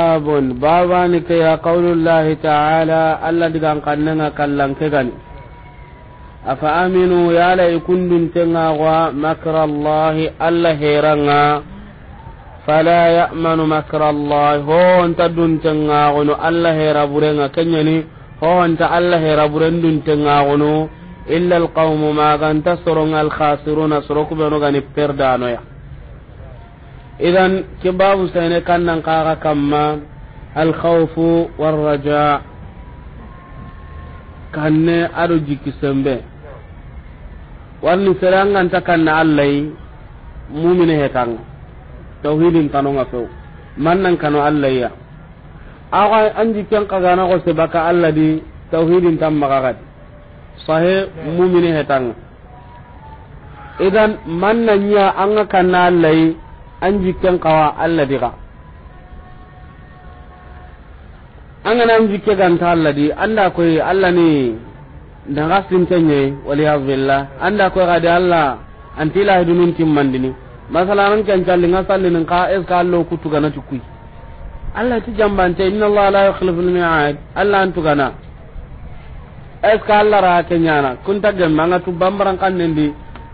babun babani ke ya qaulullahi ta'ala Allah digan kannanga kallan ke gani afa aminu ya la ikundun tenga wa makrallahi Allah heranga fala ya'manu makrallahi ho onta dun tenga gono Allah hera burenga kenyani ho onta Allah hera burendun tenga gono illa alqawmu ma ganta sorongal khasiruna soroku beno gani perdano ya idan ke babu sene kannan kaga kamma al khawfu war raja kanne ado jiki sembe wani serangan ta kanna allai mu'mine he kan tauhidin tanu tanonga man nan kanu allai ya awa anji ken na ko se baka allah di tauhidin tan magagat sahe mu'mine he tan idan man nan ya an kanna allai an jikken kawa Allah diga an gana an jikke ganta Allah di anda koy Allah ne da rasin tanye wali yazbillah anda koy gadi Allah anti la hidunun timmandini masalan kan kan linga sallin ka es ka allo kutu gana tukui Allah ti jambante inna Allah la yukhlifu al-mi'ad Allah antu gana es ka Allah ra kenyana kun tagge manga tu bambaran kan nendi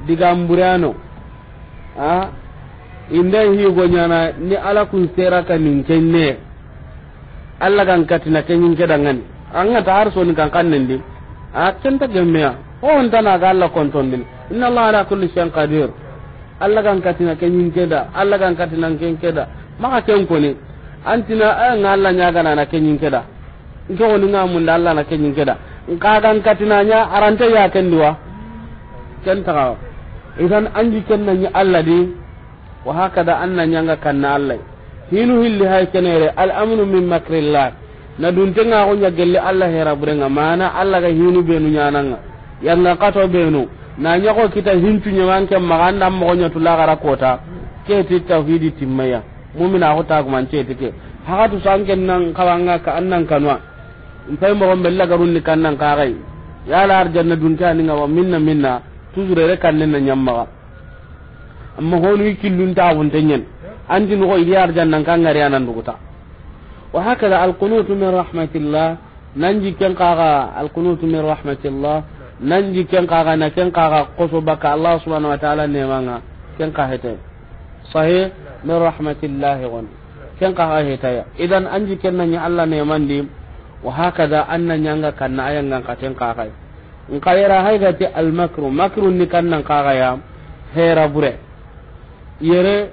digamburiano ah inda higo nyana ni ala kun sera ka nin kenne alla kan katina kenin kedangani anga ta har so ni kan kan nindi a kenta gemmea ho on tana ga alla konton din inna allah ala kulli shay'in qadir alla kan katina kenin keda alla kan katina ken keda maka ken ko ni antina eh, an alla nya gana na kenin keda ngo woni nga mun alla na kenin keda nka kan katina nya arante ya kenduwa kenta idan anji kenna nya alla di wa hakada anna nyanga kanna allai hinu hilli hay kenere al amnu min makrillah na dun tenga ko nya allah hera burenga mana allah ga hinu benu nyananga yanga qato benu na nya ko kita hintu nya wanke maganda mo nya tula gara kota ke ti tauhidi timmaya mu'mina ko ta man ce ke hakatu nan kawanga ka annan kanwa mpay mo gombe la garun ni kannan ka gai yala arjanna dunta ni nga wa minna minna tuzure re kanne na nyamma amma honu killunta abuntenyen andi nogo idi kan ngari anan duguta wa hakada alqunutu min rahmatillah ji ken kaga alqunutu min rahmatillah ji ken kaga na ken kaga qoso baka allah subhanahu wa ta'ala ne manga ken ka hete sahih min rahmatillah gon ken kaga heta ya idan an ji ken ya allah ne mandi wa hakada annan yanga kanna ayanga katen kaga in haiga ti al makru ni kan nan kaga ya hera bure yere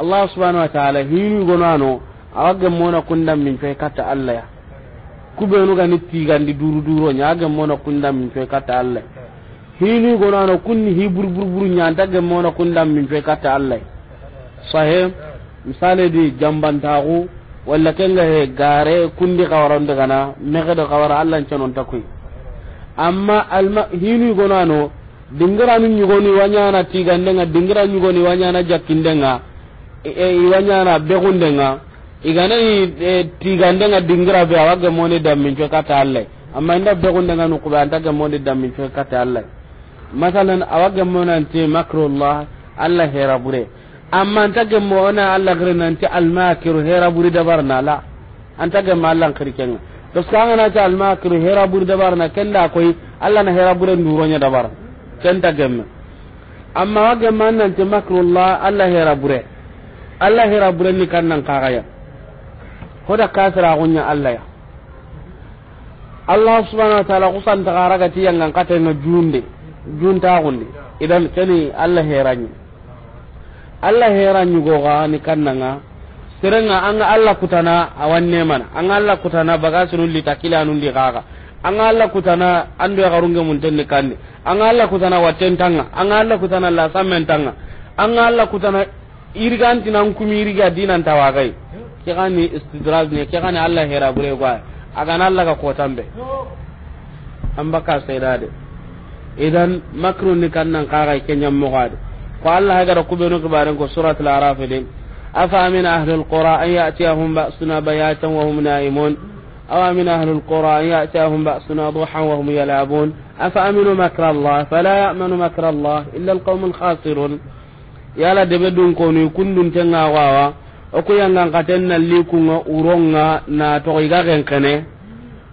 allah subhanahu wa ta'ala hinu gonano aga mona kunda min fe kata allah ya kubenu ga nitti gandi duru duro nya aga gemona kundam min fe kata allah hinu gonano kunni hi bur bur bur nya anta mona kunda min fe kata allah sahe misale di jambantaku walla kenga he gare kundi daga na mega da kawara allah canon takui amma alma hinu gonano dingira nu nyugoni wanyana tigandenga dingira e, e, ni wanyana e, jakkindenga iwanyana begundenga iganani tigandenga dingira be awage moni dammincoe kata allay amma inda begundenga nukuɓe antage moni dammincoe kata allay masalan awage monanti macrullah allah hera bure amma anta gemona ona allah gre nanti almakiru hera buri dabarna la anta gemmo allah kirkenga to sanga na ta almakiru hera buri dabarna kenda koy allah na hera bure nduro nya dabarna kenta gemme amma wa gemma an nanti makrullah allah hera bure allah hera bure ni kan nan kaaya hoda kasira gunya allah ya allah subhanahu wa ta'ala kusan ta garaga ti yang kan kata na junde junta gundi idan kani allah heranyi allah heranyi go ga ni kan nan serenga an allah kutana awanne man an allah kutana bagasunu litakila anundi gaga an allah kutana ando ya garunge mun tenne kanne anga alla kutana watten tanga anga alla kutana la sammen tanga anga alla kutana irganti nan kumi irga dinan tawagai ke gani istidraj ne ke gani alla hera bure gwa aga nan alla ka kotambe amba ka saydade idan makru ni kannan kaga kenya mogade ko alla ha gara kubenu kibaran ko suratul araf din afa min ahli alqura an yatiyahum ba'suna bayatan wa hum naimun أو من أهل القرى يأتاهم بأسنا ضحى وهم يلعبون أفأمنوا مكر الله فلا يأمن مكر الله إلا القوم الخاسرون yala debe dun koni kundun tenga wawa oku yanga ngaten na likunga uronga na to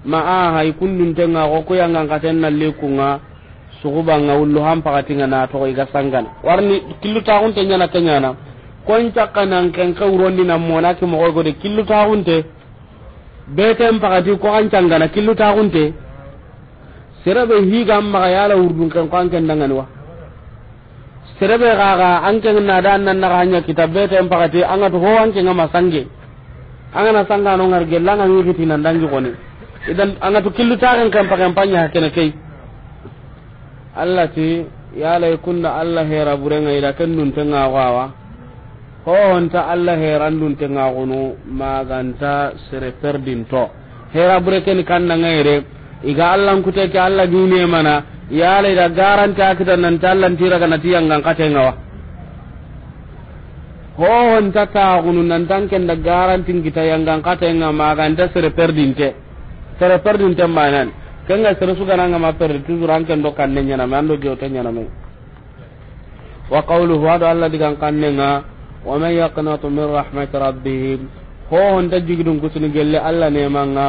ma a hay kundun tenga oku yanga ngaten na likunga suguba nga ullu na to iga sangana warni killu ta hunte nyana na de beten pakati ko an cangana killu ta gunte serebe higa maga yala urdun kan kan kan dangani wa serebe gaga an kan na dan nan na hanya kita beten pakati an ga to ho an kan ma sange an ga na sanga no ngar gelanga ngi kiti nan dangi ne idan an ga to killu ta kan kan pakan panya kene kai Allah ti yala kunna Allah hera burenga ida kan nun tanga wawa hoonta allah herandunte ngagunu maganta sere perdinto hera burekeni kannangayre iga allankute ke allah dunemana yala ida garante akita nanta allantiraganati yangankatengawa hohonta taagunu nantankenda garantinkita yangankatenga maganta sere te sere perdinte mbanan kenga sere suganangama perdi toujours ankendo kanne ñaname ando gewte ñaname wa qawluhu ado allah kanne nga. ومن يقنط من رحمة ربه هو أنت جيد كسن قال ألا نيمانا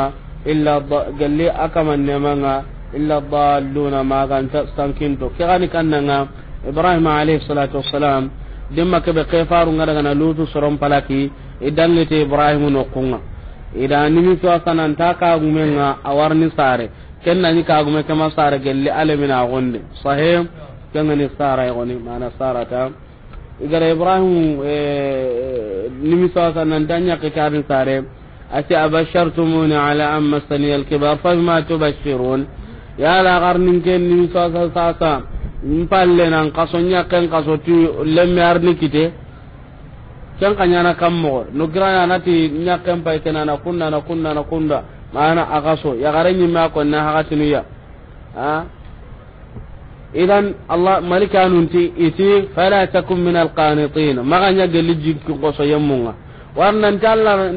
إلا قال لي أكما نيمانا إلا الضالون ما كان تستنكنتو كغاني كأننا إبراهيم عليه الصلاة والسلام ibrahim no ta ka gumenga awarni sare kenna igara ibrahim eh, eh, nimisa sa nan danya ka karin sare ati abashartumuni ala an masani alkibar fabima tubashirun sa sa in palle nan kaso nya kan kaso ti lemme arni kite ken ka ñana kam mogo nugirananati na kunna na kunna kunnana kunda mana akaso yagare ñimme a konne hakatinuya a idan allah malika nunti iti fala takum min alqanitin maganya gelli jikki qoso yemunga warnan talla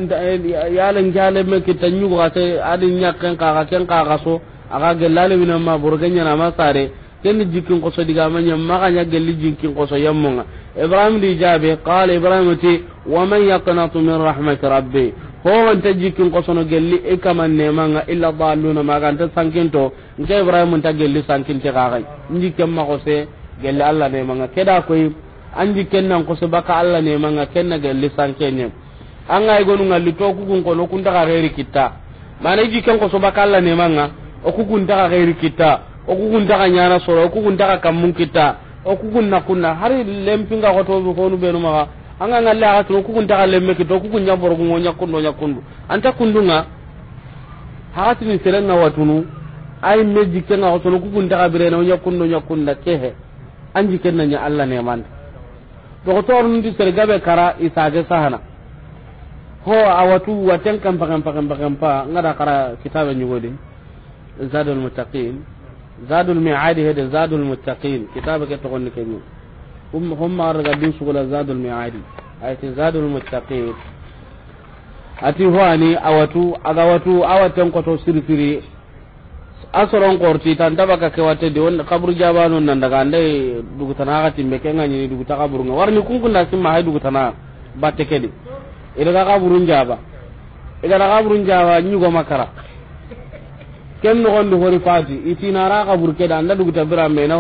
yalan jale me kitanyu ga te adin nyakken kaga ken kaga so aga gelale min ma burganya na masare ken jikki qoso diga manya maganya gelli jikki qoso yemunga ibrahim di jabe qala ibrahim ti wa man yaqnatu min rahmat rabbi howonta jikkin kosono gelli i e kaman nemanga illa ma maganta sankinto nke ibrahim ta gelli sankinte kaxay njikken maxose gelli allah nga keda koy an jikken nan kose baka allah nemanga kenna gelli sankenye an ga igonu ngalli to kukun kono kuntaxa xeeri kitta mana i jikken koso baka nema nga o daga reri kitta o kukuntaxa ñana soro o kukuntaxa kammun kitta o kukun na kunna hari lempinga xotoɓe honu ɓenumaxa anga ngalle ha to ku kunta galle me to ku kunya borgo ngonya kundo nya kundu anta kundunga haati ni na watunu ay meji kenga to ku kunta abire na nya kundo nya kunda kehe anji kenna nya alla ne man to to ndi gabe kara isage sahana ho awatu waten kam pagam pagam pagam pa ngada kara kitabe nyugodi zadul muttaqin zadul mi'adi hede zadul muttaqin kitabe ke to gonni kenyu هم hom magarga din sugula zadul miadi ayati zadul muttaqin ati hoani awatu aga watu awaten asoron korti tan tabaka ke de on jabanu nan daga ande timbe ke ni duguta kaburu nga warni kun kun batte kedi ida ga jaba ida ga makara ken no hori fati itina ra ke da anda bira me na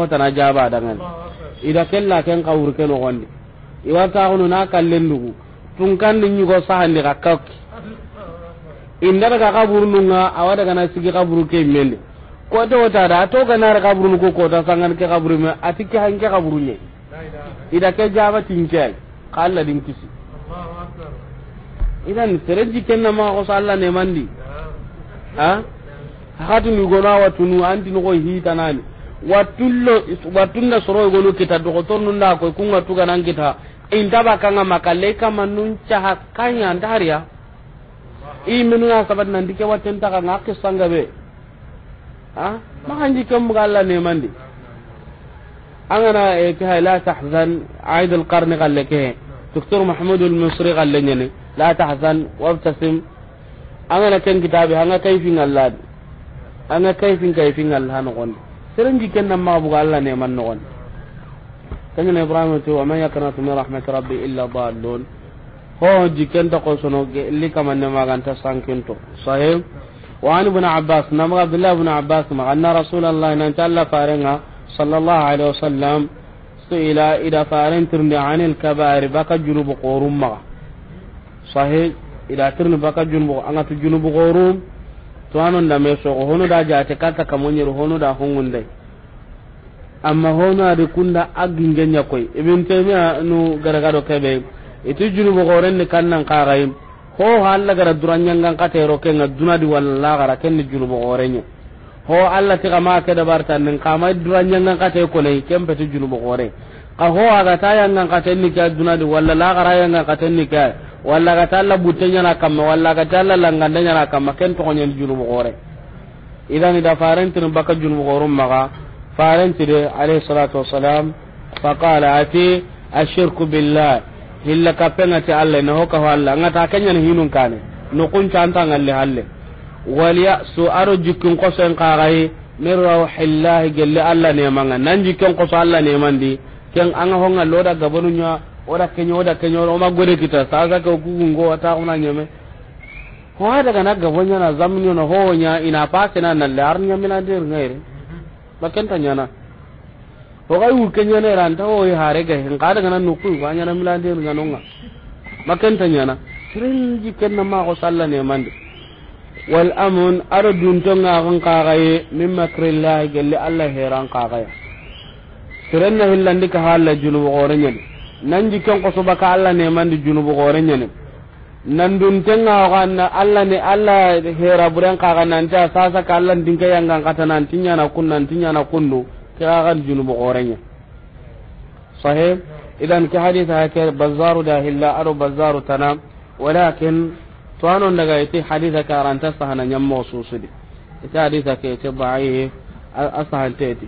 ida kella ken kawur ken gondi ta hono na kallen dugu tun kan ni nyugo sahande ka kak inda daga kaburu nunga awa daga na sigi kaburu ke mende ko to wata da to ga na kaburu nugo ko ta sangan ke kaburu me atike han ke kaburu ne ida ke jaba tinke kala din kisi idan tereji kenna ma ko salla ne mandi ha hakatu ni gona watunu anti no ko hitanani watullo watunga soro gonu kita dokotor nun da ko kunga tuga nan kita inda ba kanga makalle kama nun cha hakanya ndariya i minu na sabat nan dike watin ta kanga sanga be ha ma makanji kam galla ne mandi angana e eh, ka la tahzan aid al qarni galle ke doktor mahmud al misri galle ne la tahzan wabtasim angana ken kitabe hanga kayfin allah anga kayfin kayfin allah no gonde serenji nan ma buga Allah ne man non kanyana ibrahim to wa man yakanatu min rahmat rabbi illa dallun ho jiken ta ko sono li ne maganta sankinto sahib wa an ibn abbas nama abdullah ibn abbas ma anna rasulullah nan talla farenga sallallahu alaihi wasallam suila ida faren tirnde anil kabari baka junubu qurum ma sahib ida tirnde baka junubu anatu tu junubu qorum to anon da me ko hono da jate kata kamonyer hono da hongunde amma hono adi kunda agin nya koy ibn taymiya nu garagado kebe itu juru bo goren ni kannan kaagayi ho halla gara duranyangan na duna di walla gara ken ni juru bo gorenyo ho alla tiga kama ke da bartan nan kama duranyangan kate ko lay kempe tu bo gore ka ho aga tayan yan nan ka tanni ka dunadi walla la gara yan nan ka tanni ka walla ga talla butenya na kam walla ga talla langandanya na kam ken to nyen junu gore idan da faran tin baka junu gore maga faran tire alayhi salatu wassalam fa qala ati ashirku billah hilla kapenga ti alle ho ka walla ngata kenya ni hinun kane no kun canta ngalle halle waliya su aro jikin kosen kagai min rawhillahi gelle alla ne manga nan jikin qosalla ne mandi ken anga honga loda gabonu nya oda kenyo oda kenyo o ma gode kita sasa ko kugungo ta ona nyame ko ada na gabonya na zamni no ho ina pase na na lar nya mina der ngaire bakan tanya na ko ga u kenyo ne ranta ho oh, i e hare ga hin kada na nuku ba nya na mina der nonga bakan tanya na ji ken na ma ko salla ne mande wal amun ardun tonga nga kan kagaye mimma krillahi galle allah heran kagaye sirenna hillandi ka halla junubu gore nyen nan ji ko kosoba ka alla ne mandi junubu gore nyen nan dun tenga ko na alla ne alla hera buren ka ga nan ta sasa ka alla ga yanga kata nan tinya na kun nan tinya na kundu ka ga junubu gore nyen sahih idan ki haditha ke bazaru da hilla aro bazaru tana walakin to anon daga yati haditha ka ranta sahana nyammo susudi ita haditha ke ce da'if asahanteti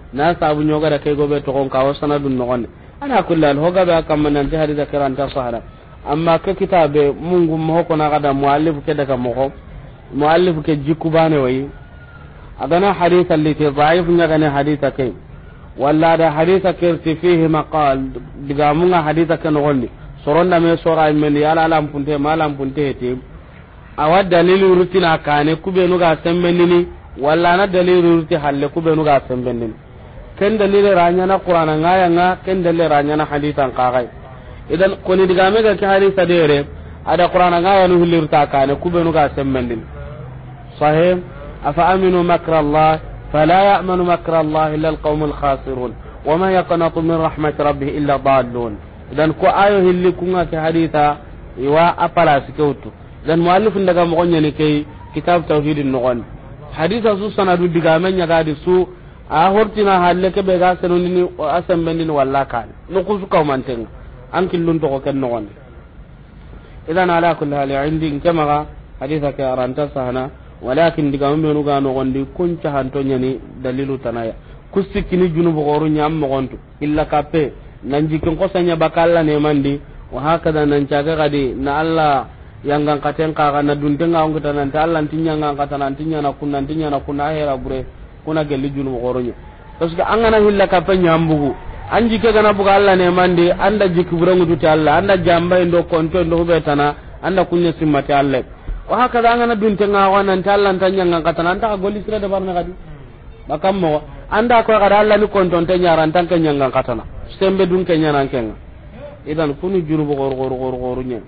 na sabu nyoga da kai gobe to kon ka wa sanadun no gonne ana kullal hoga ba kam nan ta da kiran ta sahara amma ke kitabe mungu mo ko na kada muallif ke daga mo ko muallif ke jikku bane wayi agana haditha li ti nya gane haditha ke walla da haditha ti fihi maqal diga munga haditha kan soron soronda me sora men yala lam punte lam punte te awa dalilu rutina kane kubenu ga sembendini walla na dalilu ruti halle kubenu ga sembendini ken dalilin ranya na qur'ana ngaya nga ken dalilin ranya idan koni diga me ga kihari sadere ada qur'ana ngaya nu hilir ta kane kube nu ga semmendin sahih afa aminu makra allah fala ya'manu makra allah illa alqawmul khasirun wa ma yaqnatu min rahmati illa dallun idan ko ayo hilliku nga kihadita iwa apala sikautu dan muallif ndaga mo nyene kitab tauhidin nuqan hadisa su sanadu digamenya gadi su a hortina halle ke be ga ni senondini ni walla kan no kane nukusu kaumantenga an killun togo ken nogondi idan ala kulli hal indi nkemaga hadisa ke aranta sahana walakin diga mun menu ga no on di kun nogondi han to nyani dalilu tanaya ku kusikini junubu goru nyam mo gontu illa kape ji kin kosanya bakalla ne mandi wa hakada nan caga gadi na alla yangan katen ka na duntenga on kita nan ta alla tinya ngan kata nan tinya na kunan tinya na kunna bure kuna gelli junu goronyo parce que angana hilla pe nyambugu anji ke gana buga Allah ne mande anda jikku burangu tuti Allah anda jamba ndo konto ndo betana anda kunya ta Allah wa haka da angana dunte ngawa ta tallan tanya ngakata nan ta golli sira da barna kadi bakam mo anda ko gara Allah ni konton tanya nyaran tan kanya ngakata na sembe dun kanya nan ken idan kunu junu gor gor gor gor nyen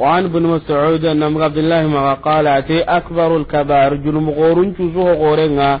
وعن ابن مسعود أن عبد الله ما قال أتي أكبر الكبائر جنم غورن تزوه غورنها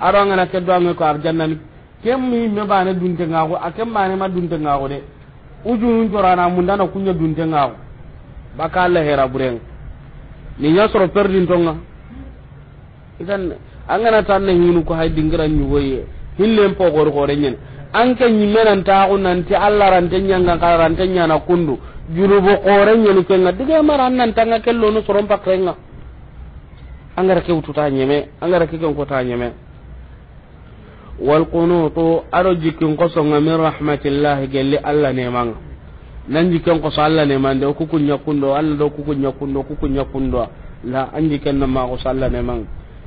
aro ngana ke do angi ko ar jannan kem mi me bana dunte ngago akem bana ma dunte ngago de ujun jorana mun dana kunya dunte ngago baka la hera bureng ni nyasro perdin tonga idan angana ne hinu ko hay dingira nyugoye hillen po gor gore nyen anke menan ta unan ti Allah ran te tenyanga karan nyana kundu junubu qore ke ngad diga maran nan tanga kello no soron pakrenga angara ke ututa nyeme angara ke kon ko ta nyeme walqunutu aɗo jikkin kosonga min rahmatillahi gelli allah nemanga nan jikken koso allah nemande o kukun ñakkundo allah do kuku ñakkundo kukun ñakkundo la an jikken na ma koso allah nemanga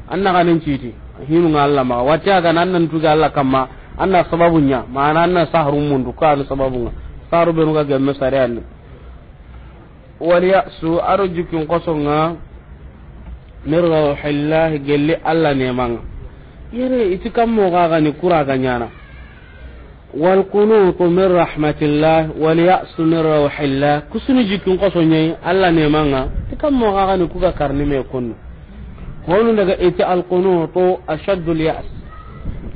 an naga nen ciiti hinunga allah maga watte agana an nan tuge allah kamma an na sababu ña mana an na sahrum mundu ko anu sababunga sahru ɓenuga gemme sare su anni walyasu aɗo jikkin kosonga min rawhillahi gelli allah nemanga yere iti kammo gagani kuraga ganyana walkunutu min rahmatillah walyasu min rawhillah kusuni jikin koso ñayi allah nemanga ti kammo gagani kuga karni me konno honu daga iti alkunutu ashaddu lyas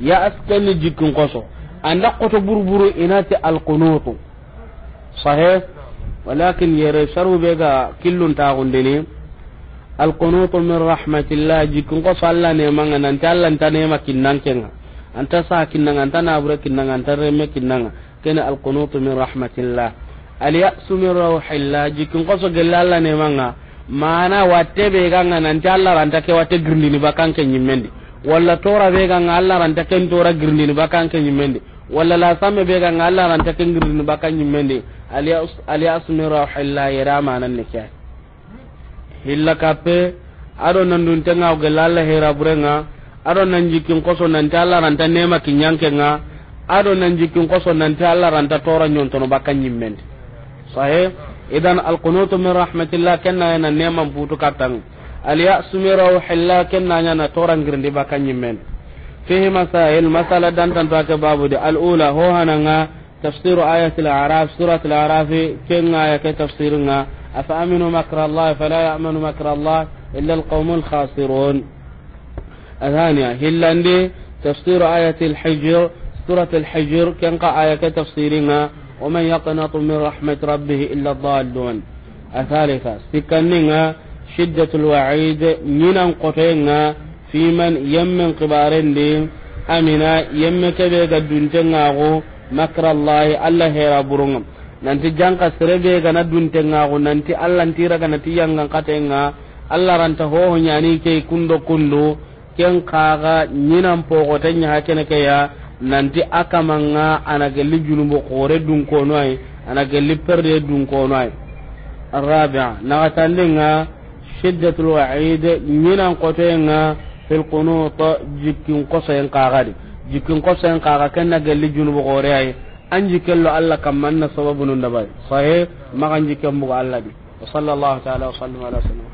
yas kan jikkin koso anda koto burburu inati alkunutu sahih walakin yere sharu bega ga killun gundini al alqunutu min rahmatillah jikun ko salla ne manga nan ta Allah ta ne makinnan kenga anta sa kinnan anta na bura kinnan anta remme kinnan kana alqunutu min rahmatillah al ya'su min rawhillah jikun ko so gelalla ne manga mana watte be ganga nan ta Allah ranta ke watte girndini bakan ke nyimmendi wala tora be ganga Allah ranta ke tora girndini bakan ke nyimmendi wala la samme be ganga Allah ranta ke girndini bakan nyimmendi al ya'su min rawhillah yara manan ne kai hilla kappe ado nan dun tenga gella Allah hera burenga ado nan jikin koso nan ta Allah ranta nema nga ado nan jikin koso nan ta Allah ranta tora nyontono bakan nyimmen sahe idan alqunutu min rahmatillah kenna yana nema putu katang alyasu min rauhillah kenna yana tora ngirndi bakan nyimmen fihi masail masala dan tanto ake babu de alula ho hananga tafsiru ayatil araf suratul araf kenga ya ke tafsirunga أفأمنوا مكر الله فلا يأمن مكر الله إلا القوم الخاسرون الثانية عندي تفسير آية الحجر سورة الحجر كنقى آية تفسيرها ومن يقنط من رحمة ربه إلا الضالون الثالثة سكننا شدة الوعيد من قتينا في من يمن قبار دي أمنا يمك كبير دنتنا مكر الله الله هيرا برنم nanti janka serebe gana dunte ngaku nanti allah ntira gana kate nga allah ranta hoho nyani ke kundo kundo ken kaga nyinan pogote nyaha kene ya nanti akamanga ana gelli junubo kore dun kono ay ana gelli perde dun kono ay الرابعة نغتندنا شدة الوعيد nga fil في القنوط جيكين قصين قاغري jikin قصين قاغا كنا قال لي جنوب غوري anji kello allah kamma anna sababu nun dabai sahih maganji kemmugo allah di wa sallallahu ta'ala wa sallam ala sallam